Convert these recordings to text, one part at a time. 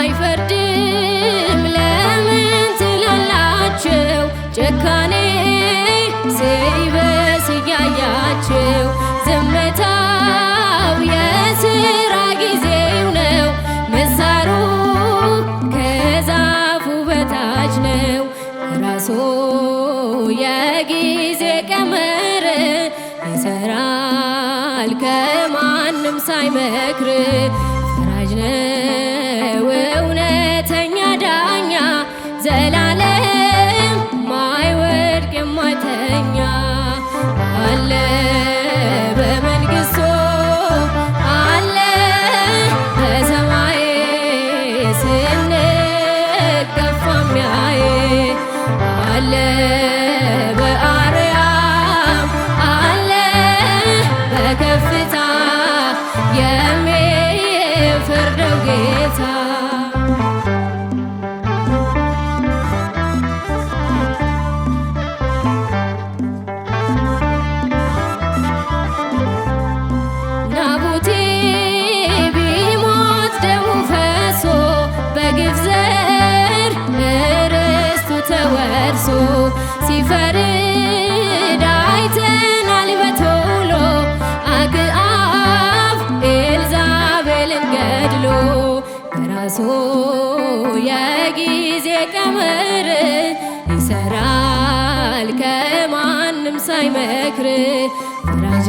አይፈርድም ለምን ትላላቸው ጨካኔ ሲበስ እያያቸው ዝምታው የስራ ጊዜው ነው ምሳሩ ከዛፉ በታች ነው ራሶ የጊዜ ቀመር ይሰራል ከማንም ሳይመክር ፈራጅ ነው عليه የቀመር ይሰራል ከማንም ሳይመክር ፈራጅ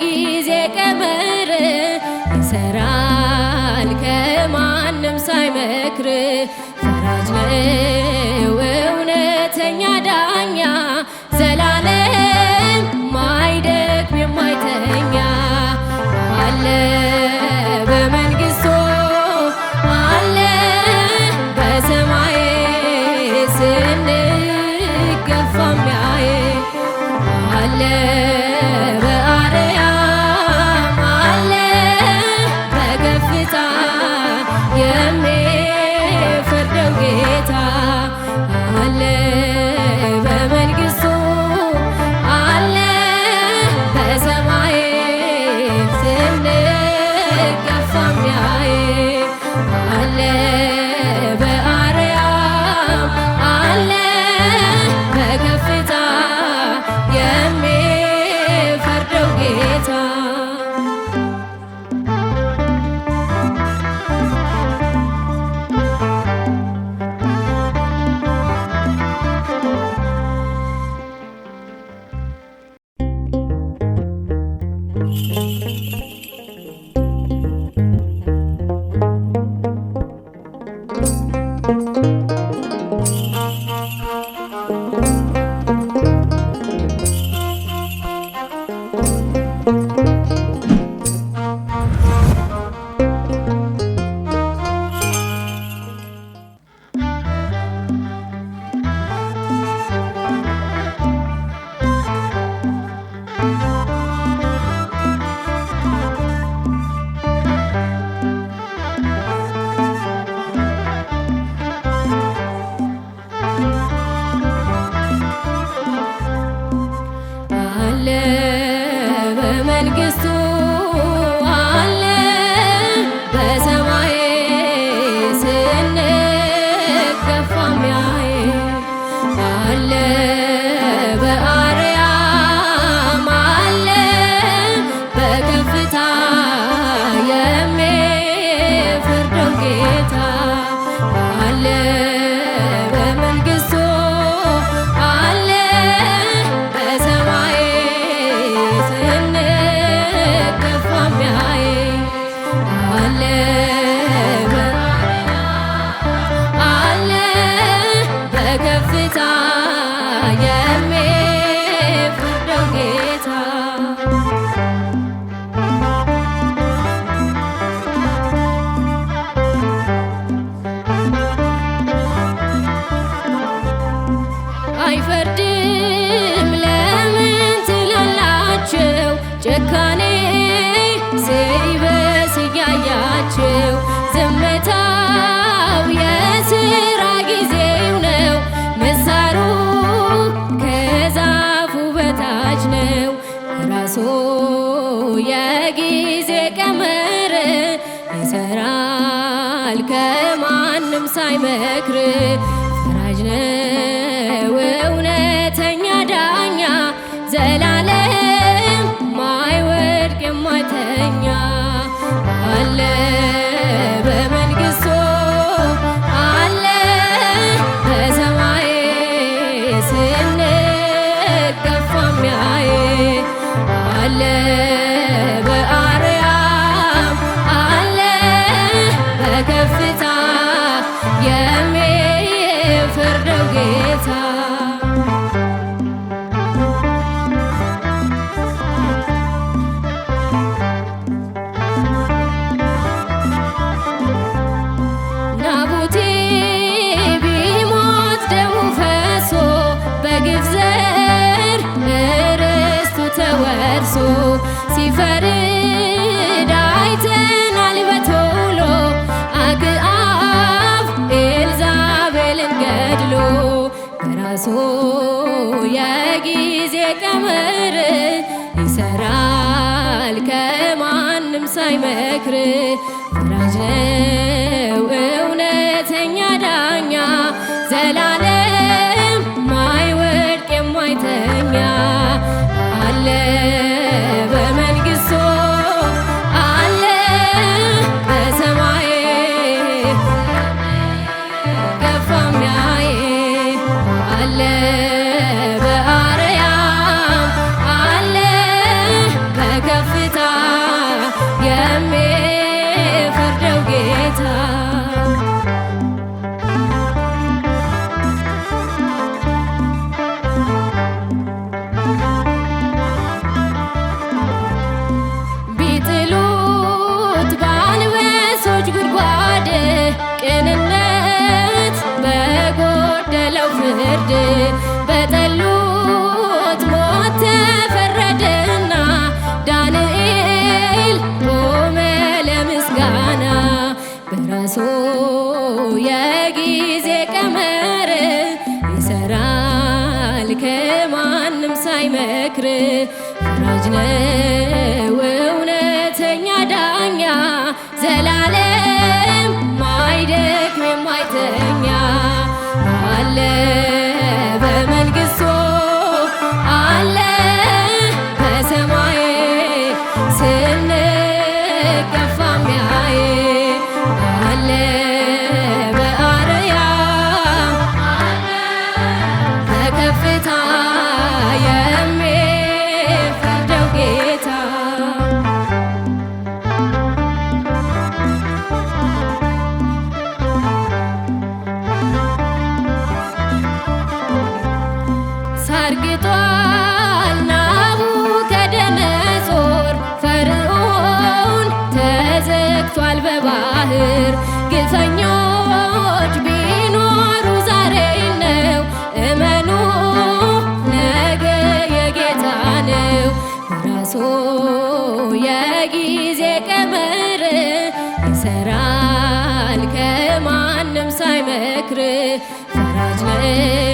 በጊዜ ቀመር ይሰራል ከማንም ሳይመክር ፈራጅ ነው እውነተኛ ዳኛ ዘላለም ማይደክም የማይተኛ አለ በመንግስቱ አለ በሰማይ ስንገፋ sobre a አይፈርድም ለምን ትላላቸው ጭካኔ ሲበስ እያያቸው ዝምታው የስራ ጊዜው ነው ምሳሩ ከዛፉ በታች ነው ራሱ የጊዜ ቀመር ይሰራል ከማንም ሳይመክር ሲፈርድ አይተናል በቶሎ አክዓብ ኤልዛቤልን ገድሎ በራሱ የጊዜ ቀመር ይሰራል ከማንም ሳይመክር ፈራጅ ነው እውነተኛ ዳኛ ዘላለም ማይደክም አለ በመንግስቶ አለ ሞልቶ የጊዜ ቀመር ይሰራል ከማንም ሳይመክር ፈራጅ